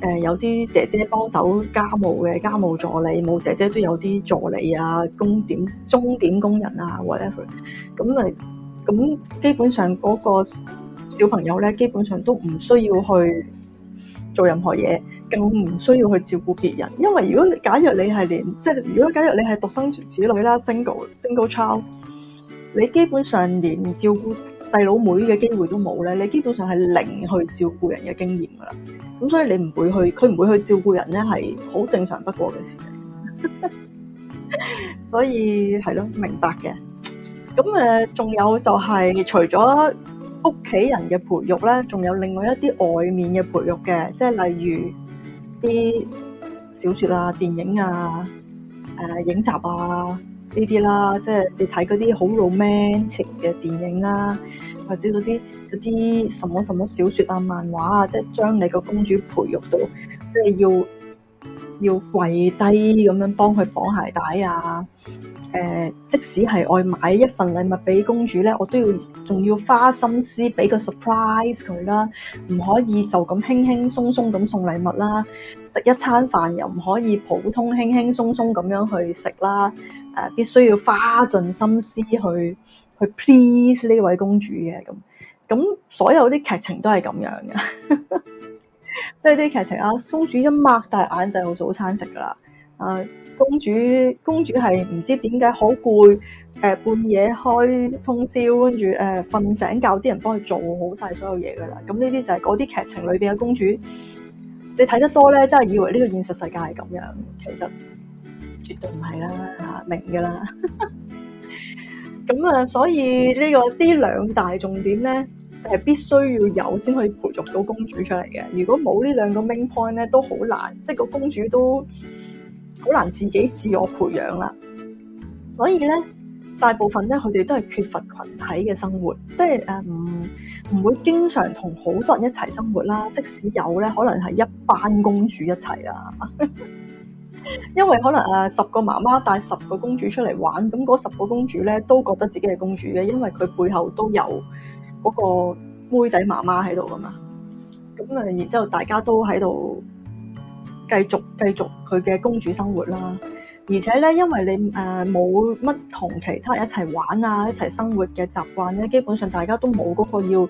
呃，有啲姐姐幫手家務嘅家務助理，冇姐姐都有啲助理啊，工點鐘點工人啊，whatever。咁咪咁，基本上嗰個小朋友咧，基本上都唔需要去做任何嘢，更唔需要去照顧別人。因為如果假若你係連即係，如果假若你係獨生子女啦，single，single child，你基本上連照顧細佬妹嘅機會都冇咧，你基本上係零去照顧人嘅經驗噶啦。咁所以你唔會去，佢唔會去照顧人咧，係好正常不過嘅事情。 所以係咯，明白嘅。咁誒，仲、呃、有就係、係、除咗。屋企人嘅培育咧，仲有另外一啲外面嘅培育嘅，即係例如啲小說啊、電影啊、誒、呃、影集啊呢啲啦，即係你睇嗰啲好 romantic 嘅電影啦、啊，或者嗰啲嗰啲什麼什麼小說啊、漫畫啊，即係將你個公主培育到，即係要。要跪低咁樣幫佢綁鞋帶啊！誒、呃，即使係愛買一份禮物俾公主咧，我都要仲要花心思俾個 surprise 佢啦，唔可以就咁輕輕鬆鬆咁送禮物啦，食一餐飯又唔可以普通輕輕鬆鬆咁樣去食啦，誒、呃，必須要花盡心思去去 please 呢位公主嘅。咁，咁所有啲劇情都係咁樣嘅。 即係啲劇情啊、呃，公主一擘大眼就有早餐食噶啦。啊，公主公主係唔知點解好攰，誒、呃、半夜開通宵，跟住誒瞓醒覺啲人幫佢做好晒所有嘢噶啦。咁呢啲就係嗰啲劇情裏邊嘅公主，你睇得多咧，真係以為呢個現實世界係咁樣，其實絕對唔係啦，明噶啦。咁 啊、嗯，所以呢、呢個啲兩大重點咧。係必須要有先可以培育到公主出嚟嘅。如果冇呢兩個 main point 咧，都好難，即係個公主都好難自己自我培養啦。所以咧，大部分咧，佢哋都係缺乏群體嘅生活，即係誒唔唔會經常同好多人一齊生活啦。即使有咧，可能係一班公主一齊啦。 因為可能誒，十個媽媽帶十個公主出嚟玩，咁嗰十個公主咧都覺得自己係公主嘅，因為佢背後都有。嗰個妹仔媽媽喺度噶嘛，咁啊，然之後大家都喺度繼續繼續佢嘅公主生活啦。而且咧，因為你誒冇乜同其他人一齊玩啊、一齊生活嘅習慣咧，基本上大家都冇嗰個要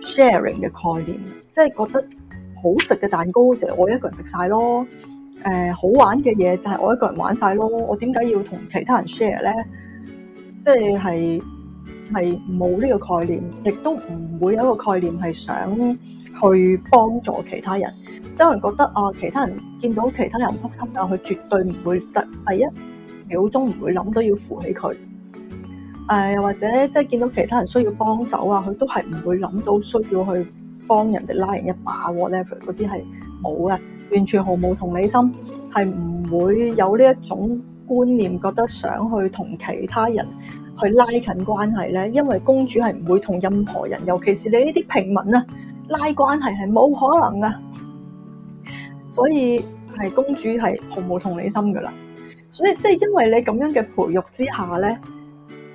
sharing 嘅概念，即係覺得好食嘅蛋糕就係我一個人食晒咯，誒、呃、好玩嘅嘢就係我一個人玩晒咯。我點解要同其他人 share 咧？即係係。係冇呢個概念，亦都唔會有一個概念係想去幫助其他人。即係可能覺得啊，其他人見到其他人唔開心，佢絕對唔會得。第一秒鐘唔會諗到要扶起佢。誒、哎，或者即係見到其他人需要幫手啊，佢都係唔會諗到需要去幫人哋拉人一把喎、啊。Level 啲係冇嘅，完全毫無同理心，係唔會有呢一種觀念，覺得想去同其他人。去拉近關係咧，因為公主係唔會同任何人，尤其是你呢啲平民呀，拉關係係冇可能㗎。所以係公主係毫無同理心㗎喇。所以即係因為你咁樣嘅培育之下咧，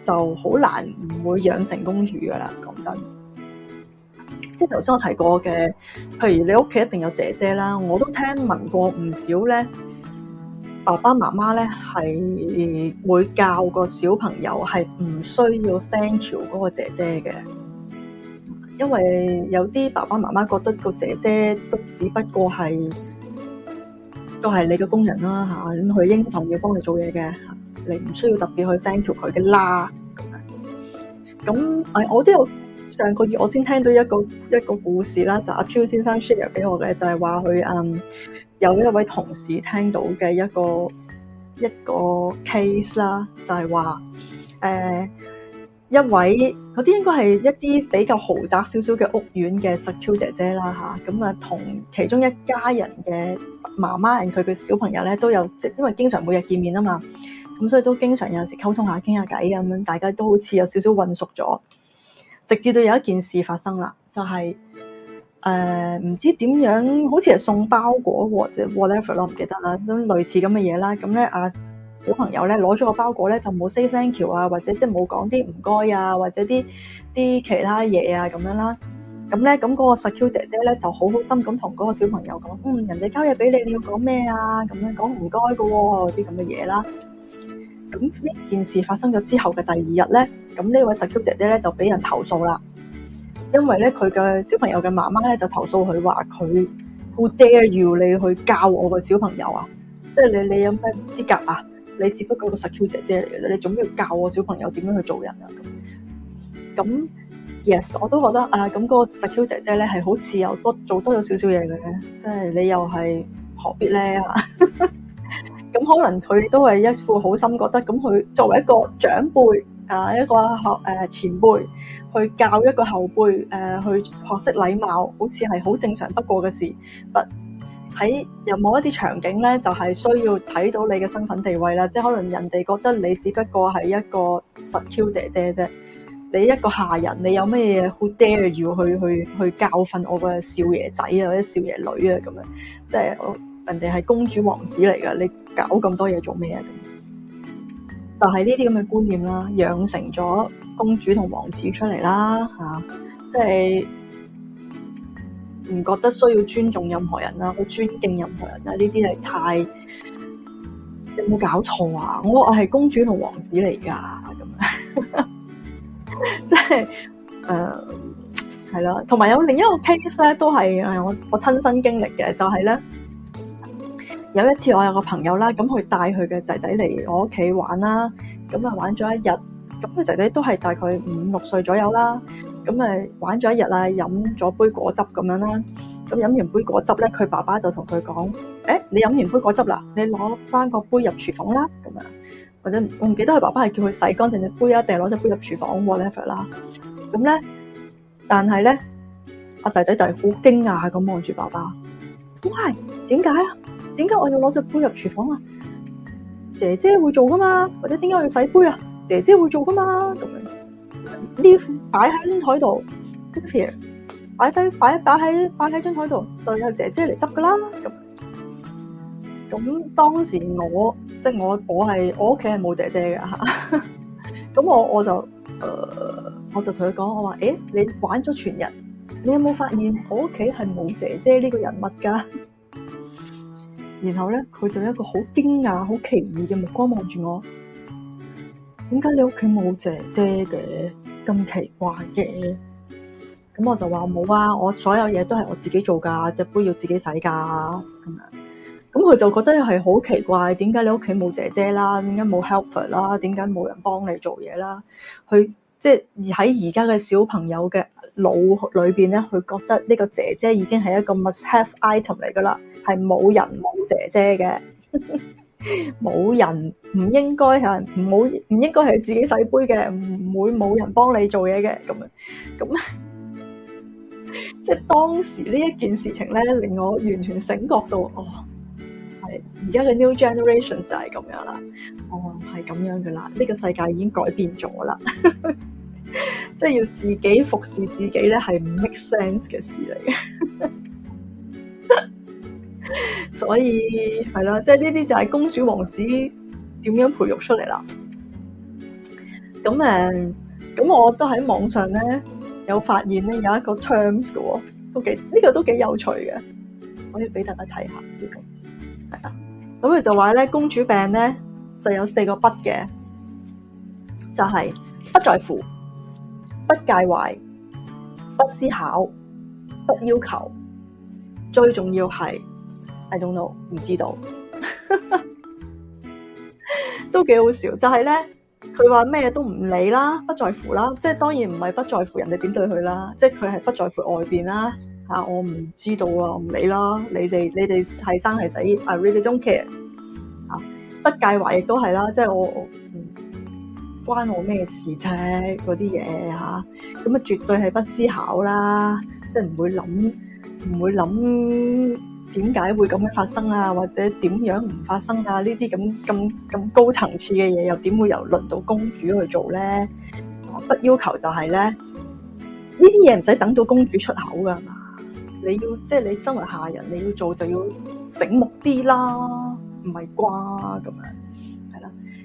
就好難唔會養成公主㗎喇。講真，即係頭先我提過嘅，譬如你屋企一定有姐姐啦，我都聽聞過唔少咧。爸爸媽媽咧，係會教個小朋友係唔需要 thank you 嗰個姐姐嘅，因為有啲爸爸媽媽覺得個姐姐都只不過係都係你嘅工人啦嚇，咁、啊、佢應同要幫你做嘢嘅，你唔需要特別去 thank you 佢嘅啦。咁、啊、誒，我都有上個月我先聽到一個一個故事啦，就阿、是、Q、啊、先生 share 俾我嘅，就係話佢嗯。有一位同事聽到嘅一個一個 case 啦，就係話誒一位嗰啲應該係一啲比較豪宅少少嘅屋苑嘅 secure 姐姐啦嚇，咁啊同、嗯、其中一家人嘅媽媽同佢嘅小朋友咧都有，因為經常每日見面啊嘛，咁、嗯、所以都經常有時溝通下、傾下偈咁樣，大家都好似有少少混熟咗，直至到有一件事發生啦，就係、是。誒，唔、uh, 知點樣，好似係送包裹或者 whatever 咯、啊，唔記得啦，咁類似咁嘅嘢啦。咁咧，啊小朋友咧攞咗個包裹咧就冇 say thank you 啊，或者即係冇講啲唔該啊，或者啲啲其他嘢啊咁樣啦。咁、嗯、咧，咁、那、嗰個 secure 姐姐咧就好好心咁同嗰個小朋友講，嗯，人哋交嘢俾你，你要講咩啊？咁樣講唔該噶喎，啲咁嘅嘢啦。咁呢、嗯、件事發生咗之後嘅第二日咧，咁呢位 secure 姐姐咧就俾人投訴啦。因為咧，佢嘅小朋友嘅媽媽咧就投訴佢話佢 Who dare you？你去教我個小朋友啊？即係你你有咩資格啊？你只不過個 secure 姐姐嚟嘅。你仲要教我小朋友點樣去做人啊？咁 Yes，我都覺得啊，咁、那、嗰個 secure 姐姐咧係好似又多做多咗少少嘢嘅，即係你又係何必咧啊？咁 可能佢都係一副好心，覺得咁佢作為一個長輩啊，一個學誒前輩。去教一個後輩，誒、呃、去學識禮貌，好似係好正常不過嘅事。不喺有某一啲場景咧，就係、是、需要睇到你嘅身份地位啦。即係可能人哋覺得你只不過係一個實 Q 姐姐啫，你一個下人，你有咩嘢好爹嘅要去去去教訓我個少爺仔啊或者少爺女啊咁樣？即係我人哋係公主王子嚟㗎，你搞咁多嘢做咩啊？就係呢啲咁嘅觀念啦，養成咗公主同王子出嚟啦，嚇、啊，即係唔覺得需要尊重任何人啦，好尊敬任何人啦，呢啲係太，有冇搞錯啊！我我係公主同王子嚟噶，咁，即係誒，係、啊、咯，同埋有，有另一個 case 咧，都係誒我我親身經歷嘅，就係、是、咧。有一次我有個朋友啦，咁佢帶佢嘅仔仔嚟我屋企玩啦，咁就玩咗一日，咁佢仔仔都係大概五六歲左右啦，咁啊玩咗一日啦，飲咗杯果汁咁樣啦，咁飲完杯果汁咧，佢爸爸就同佢講：，誒，你飲完杯果汁啦，你攞返個杯入廚房啦，咁樣或者我唔記得佢爸爸係叫佢洗乾淨隻杯啊，定係攞隻杯入廚房 whatever 啦，咁咧，但係咧，阿仔仔就係好驚訝咁望住爸爸，喂，點解啊？點解我要攞隻杯入廚房啊？姐姐會做噶嘛？或者點解我要洗杯啊？姐姐會做噶嘛？咁樣呢，擺喺張台度，跟住擺低擺擺喺擺喺張台度，就由姐姐嚟執噶啦。咁咁當時我即係、就是、我我係我屋企係冇姐姐嘅吓。咁 我我就誒，我就同佢講，我話誒，你玩咗全日，你有冇發現我屋企係冇姐姐呢個人物噶？然後咧，佢就有一個好驚訝、好奇異嘅目光望住我。點解你屋企冇姐姐嘅？咁奇怪嘅。咁我就話冇啊,我所有嘢都係我自己做噶,隻杯要自己洗噶咁樣。咁佢就覺得係好奇怪,點解你屋企冇姐姐啦？點解冇 helper 啦？點解冇人幫你做嘢啦？佢即係喺而家嘅小朋友嘅。腦裏邊咧，佢覺得呢個姐姐已經係一個 must have item 嚟噶啦，係冇人冇姐姐嘅，冇 人唔應該係，冇唔應該係自己洗杯嘅，唔會冇人幫你做嘢嘅咁樣，咁 即係當時呢一件事情咧，令我完全醒覺到，哦，係而家嘅 new generation 就係咁樣啦，哦係咁樣噶啦，呢、呢個世界已經改變咗啦。 即係 要自己服侍自己咧，係唔 make sense 嘅事嚟嘅。 所以係啦，即係呢啲就係公主王子點樣培育出嚟啦。咁誒，咁我都喺網上咧有發現咧有一個 terms 嘅，都幾呢、這個都幾有趣嘅，可以俾大家睇下、這個。呢係啊，咁佢就話咧公主病咧就有四個不嘅，就係、是、不在乎。不介懷，不思考，不要求，最重要係 I don't know，唔知道， 都幾好笑。就係、是、咧，佢話咩都唔理啦，不在乎啦，即係當然唔係不在乎人哋點對佢啦，即係佢係不在乎外邊啦。吓、啊，我唔知道啊，我唔理啦。你哋你哋係生係死，I really don't care、啊。吓，不介懷亦都係啦，即係我我嗯。關我咩事啫？嗰啲嘢嚇，咁啊絕對係不思考啦，即係唔會諗，唔會諗點解會咁樣發生啊，或者點樣唔發生啊？呢啲咁咁咁高層次嘅嘢，又點會由輪到公主去做咧？我不要求就係咧，呢啲嘢唔使等到公主出口噶嘛，你要，即係你身為下人，你要做就要醒目啲啦，唔係啩咁樣。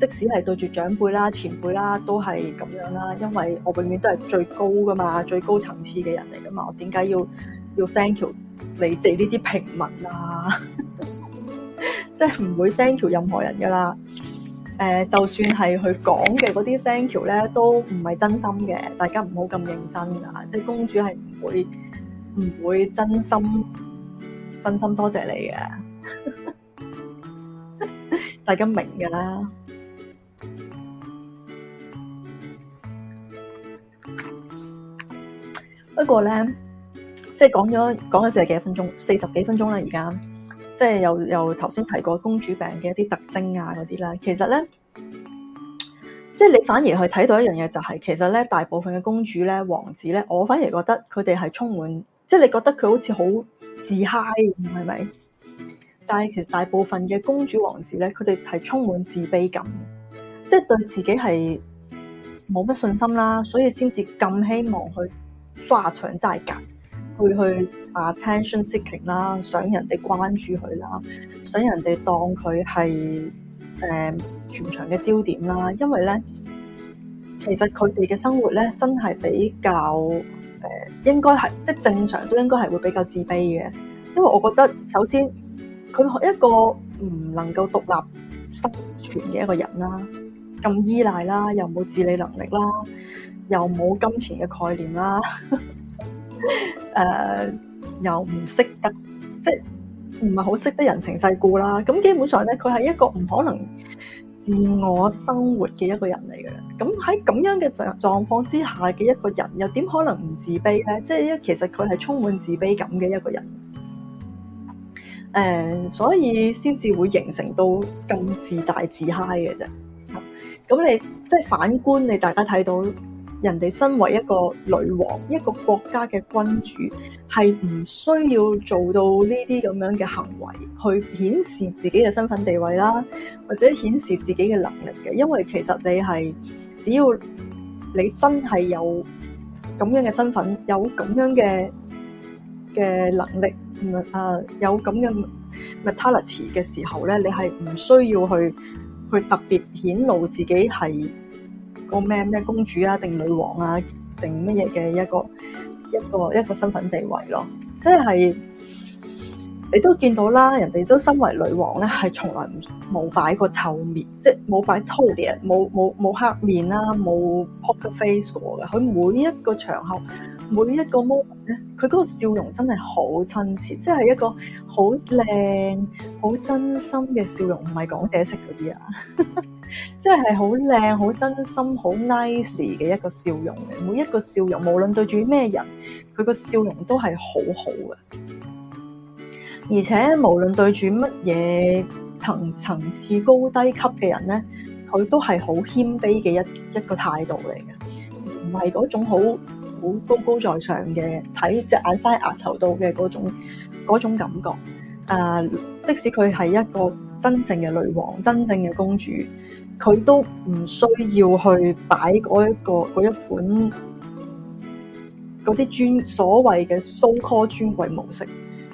即使係對住長輩啦、前輩啦，都係咁樣啦。因為我永遠都係最高噶嘛，最高層次嘅人嚟噶嘛。我點解要要 thank you 你哋呢啲平民啊？ 即係唔會 thank you 任何人噶啦。誒、呃，就算係佢講嘅嗰啲 thank you 咧，都唔係真心嘅。大家唔好咁認真噶！即係公主係唔會唔會真心真心多謝你嘅。 大家明噶啦。不過咧，即係講咗講咗四十幾分鐘，四十幾分鐘啦，而家即係又又頭先提過公主病嘅一啲特徵啊，嗰啲啦，其實咧，即係你反而去睇到一樣嘢，就是，就係其實咧，大部分嘅公主咧、王子咧，我反而覺得佢哋係充滿，即係你覺得佢好似好自嗨，i 係咪？但係其實大部分嘅公主王子咧，佢哋係充滿自卑感，即係對自己係冇乜信心啦，所以先至咁希望去。化長齋格，會去去啊，attention seeking 啦，想人哋關注佢啦，想人哋當佢係誒全場嘅焦點啦。因為咧，其實佢哋嘅生活咧，真係比較誒、呃，應該係即係正常都應該係會比較自卑嘅。因為我覺得首先佢一個唔能夠獨立生存嘅一個人啦，咁依賴啦，又冇自理能力啦。又冇金錢嘅概念啦，誒、 呃，又唔識得，即係唔係好識得人情世故啦。咁基本上咧，佢係一個唔可能自我生活嘅一個人嚟嘅。咁喺咁樣嘅狀狀況之下嘅一個人，又點可能唔自卑咧？即係因為其實佢係充滿自卑感嘅一個人。誒、呃，所以先至會形成到咁自大自嗨嘅啫。咁你即係反觀，你大家睇到。人哋身為一個女王、一個國家嘅君主，係唔需要做到呢啲咁樣嘅行為，去顯示自己嘅身份地位啦，或者顯示自己嘅能力嘅。因為其實你係，只要你真係有咁樣嘅身份，有咁樣嘅嘅能力，唔係啊，有咁嘅 talents 嘅時候咧，你係唔需要去去特別顯露自己係。個咩咩公主啊，定女王啊，定乜嘢嘅一個一個一個身份地位咯，即係你都見到啦，人哋都身為女王咧，係從來冇擺過臭面，即係冇擺粗面，冇冇冇黑面啦、啊，冇 poker face 過嘅，佢每一個場合，每一個 moment 咧，佢嗰個笑容真係好親切，即係一個好靚、好真心嘅笑容，唔係講嘢式嗰啲啊。 即係好靚、好真心、好 nice 嘅一個笑容嘅，每一個笑容，無論對住咩人，佢個笑容都係好好嘅。而且無論對住乜嘢層層次高低級嘅人呢，佢都係好謙卑嘅一一,一個態度嚟嘅，唔係嗰種好好高高在上嘅睇隻眼晒額頭度嘅嗰種種感覺。啊、呃，即使佢係一個真正嘅女王、真正嘅公主。佢都唔需要去擺嗰、那個、一個嗰一款嗰啲專所謂嘅 so called 專櫃模式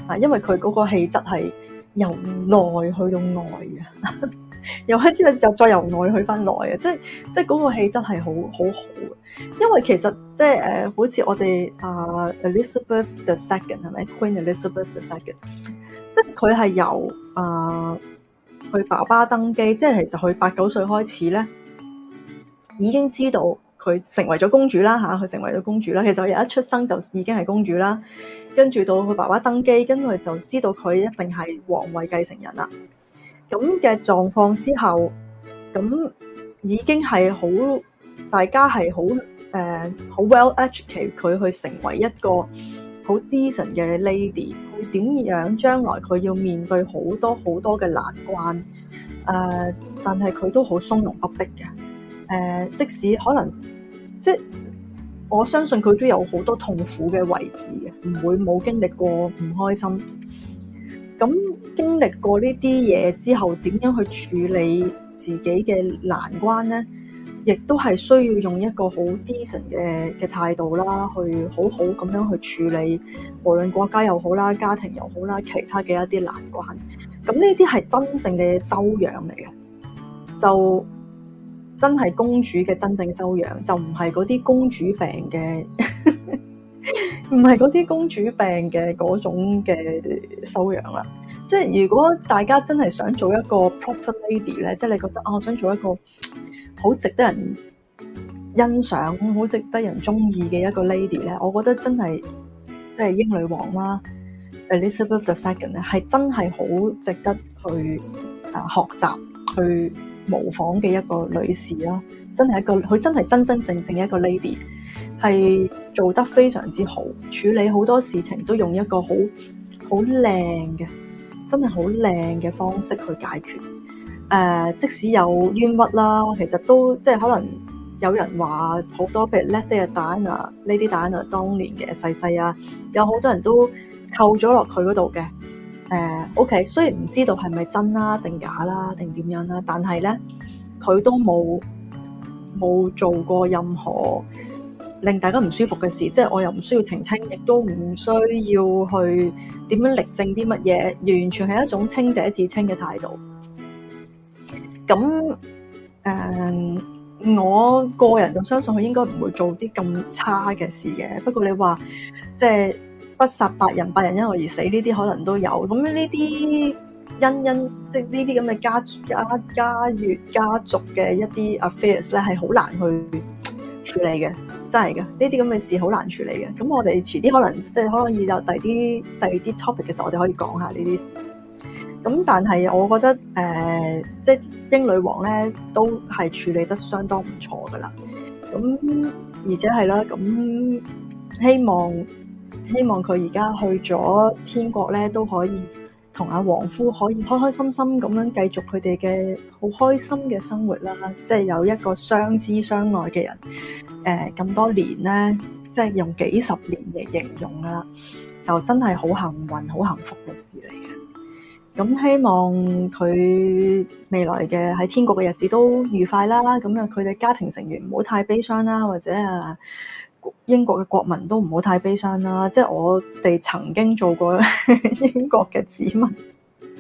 啊，因為佢嗰個氣質係由內去到外嘅， 由一開始就再由內去翻內啊，即係即係嗰個氣質係好好好嘅，因為其實即係誒、呃，好似我哋啊、uh, Elizabeth the Second 係咪 Queen Elizabeth the Second，即係佢係由啊。Uh, 佢爸爸登基，即係其實佢八九歲開始咧，已經知道佢成為咗公主啦吓，佢、啊、成為咗公主啦。其實佢一出生就已經係公主啦，跟住到佢爸爸登基，跟住就知道佢一定係皇位繼承人啦。咁嘅狀況之後，咁已經係好，大家係好誒，好、呃、well educate 佢去成為一個好 decent 嘅 lady。點樣將來佢要面對好多好多嘅難關？誒、呃，但係佢都好從容不迫嘅。誒、呃，即使可能即我相信佢都有好多痛苦嘅位置嘅，唔會冇經歷過唔開心。咁經歷過呢啲嘢之後，點樣去處理自己嘅難關呢？亦都係需要用一個好 decent 嘅嘅態度啦，去好好咁樣去處理，無論國家又好啦，家庭又好啦，其他嘅一啲難關。咁呢啲係真正嘅修養嚟嘅，就真係公主嘅真正修養，就唔係嗰啲公主病嘅，唔係嗰啲公主病嘅嗰種嘅修養啦。即係如果大家真係想做一個 proper lady 咧，即係你覺得啊，我想做一個，好值得人欣賞，好值得人中意嘅一個 lady 咧，我覺得真係，即係英女王啦，Elizabeth the Second 咧，係真係好值得去啊學習，去模仿嘅一個女士啦，真係一個佢真係真真正正一個 lady，係做得非常之好，處理好多事情都用一個好好靚嘅，真係好靚嘅方式去解決。誒，uh, 即使有冤屈啦，其實都即係可能有人話好多，譬如 Lady Diana 啊，呢啲 Diana 啊，Diana，當年嘅細細啊，有好多人都扣咗落佢嗰度嘅。誒，uh，OK，雖然唔知道係咪真啦定假啦定點樣啦，但係咧佢都冇冇做過任何令大家唔舒服嘅事，即係我又唔需要澄清，亦都唔需要去點樣力證啲乜嘢，完全係一種清者自清嘅態度。咁誒、呃，我個人就相信佢應該唔會做啲咁差嘅事嘅。不過你話，即係不殺百人，百人因我而死呢啲，可能都有。咁呢啲因因即係呢啲咁嘅家家家閲家族嘅一啲 affairs 咧，係好難去處理嘅，真係嘅。呢啲咁嘅事好難處理嘅。咁我哋遲啲可能即係可以有第啲第二啲 topic 嘅時候，我哋可以講下呢啲。咁但係，我覺得誒，即、呃、係、就是、英女王咧，都係處理得相當唔錯噶啦。咁而且係啦，咁希望希望佢而家去咗天國咧，都可以同阿王夫可以開開心心咁樣繼續佢哋嘅好開心嘅生活啦。即、就、係、是、有一個相知相愛嘅人，誒、呃、咁多年咧，即、就、係、是、用幾十年嚟形容啦，就真係好幸運、好幸福嘅事嚟嘅。咁希望佢未來嘅喺天國嘅日子都愉快啦。咁啊，佢哋家庭成員唔好太悲傷啦，或者啊，英國嘅國民都唔好太悲傷啦。即係我哋曾經做過 英國嘅指民，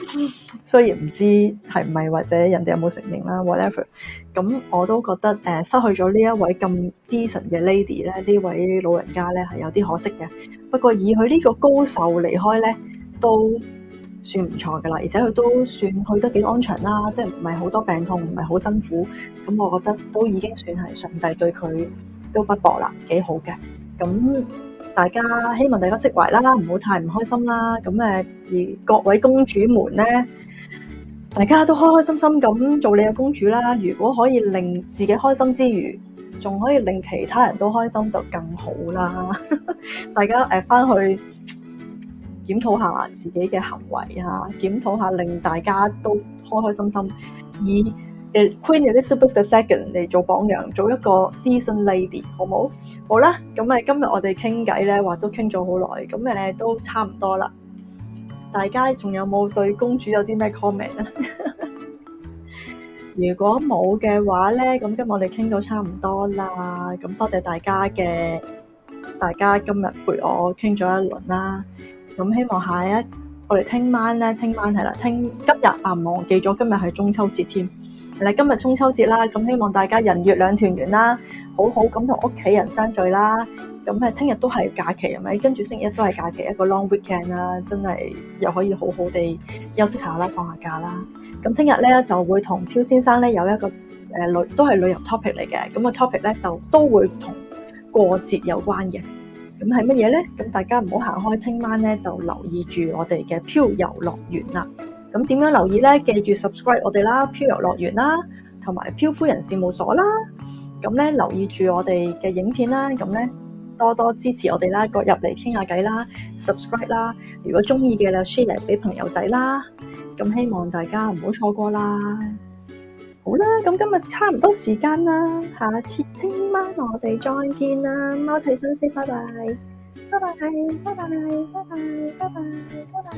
雖然唔知係唔係或者人哋有冇承認啦，whatever。咁我都覺得誒、呃，失去咗呢一位咁 decent 嘅 lady 咧，呢位老人家咧係有啲可惜嘅。不過以佢呢個高壽離開咧，都～算唔錯噶啦，而且佢都算去得幾安詳啦，即係唔係好多病痛，唔係好辛苦，咁我覺得都已經算係上帝對佢都不薄啦，幾好嘅。咁大家希望大家釋懷啦，唔好太唔開心啦。咁誒，而各位公主們呢，大家都開開心心咁做你嘅公主啦。如果可以令自己開心之餘，仲可以令其他人都開心就更好啦。 大家誒，翻、呃、去。檢討下自己嘅行為啊！檢討下，令大家都開開心心，以《Queen Elizabeth II》嚟做榜樣，做一個 decent lady，好冇好啦？咁啊，今日我哋傾偈咧，話都傾咗好耐，咁誒都差唔多啦。大家仲有冇對公主有啲咩 comment 啊？ 如果冇嘅話咧，咁今日我哋傾到差唔多啦。咁多謝大家嘅大家今日陪我傾咗一輪啦。咁希望下一我哋聽晚咧，聽晚係啦，聽今日啊忘記咗今日係中秋節添，係啦，今日中秋節啦，咁希望大家人月兩團圓啦，好好咁同屋企人相聚啦。咁係，聽日都係假期，係咪？跟住星期一都係假期，一個 long weekend 啦，真係又可以好好地休息下啦，放下假啦。咁聽日咧就會同漂先生咧有一個誒旅都係旅遊 topic 嚟嘅，咁個 topic 咧就都會同過節有關嘅。咁係乜嘢咧？咁大家唔好行開，聽晚咧就留意，我留意住我哋嘅漂遊樂園啦。咁點樣留意咧？記住 subscribe 我哋啦，漂遊樂園啦，同埋漂夫人事務所啦。咁咧留意住我哋嘅影片啦。咁咧多多支持我哋啦，各入嚟傾下偈啦，subscribe 啦。如果中意嘅啦，share 俾朋友仔啦。咁希望大家唔好錯過啦。好啦，咁今日差唔多時間啦，下次聽晚我哋再見啦，貓起身先，拜拜，拜拜，拜拜，拜拜，拜拜，拜拜。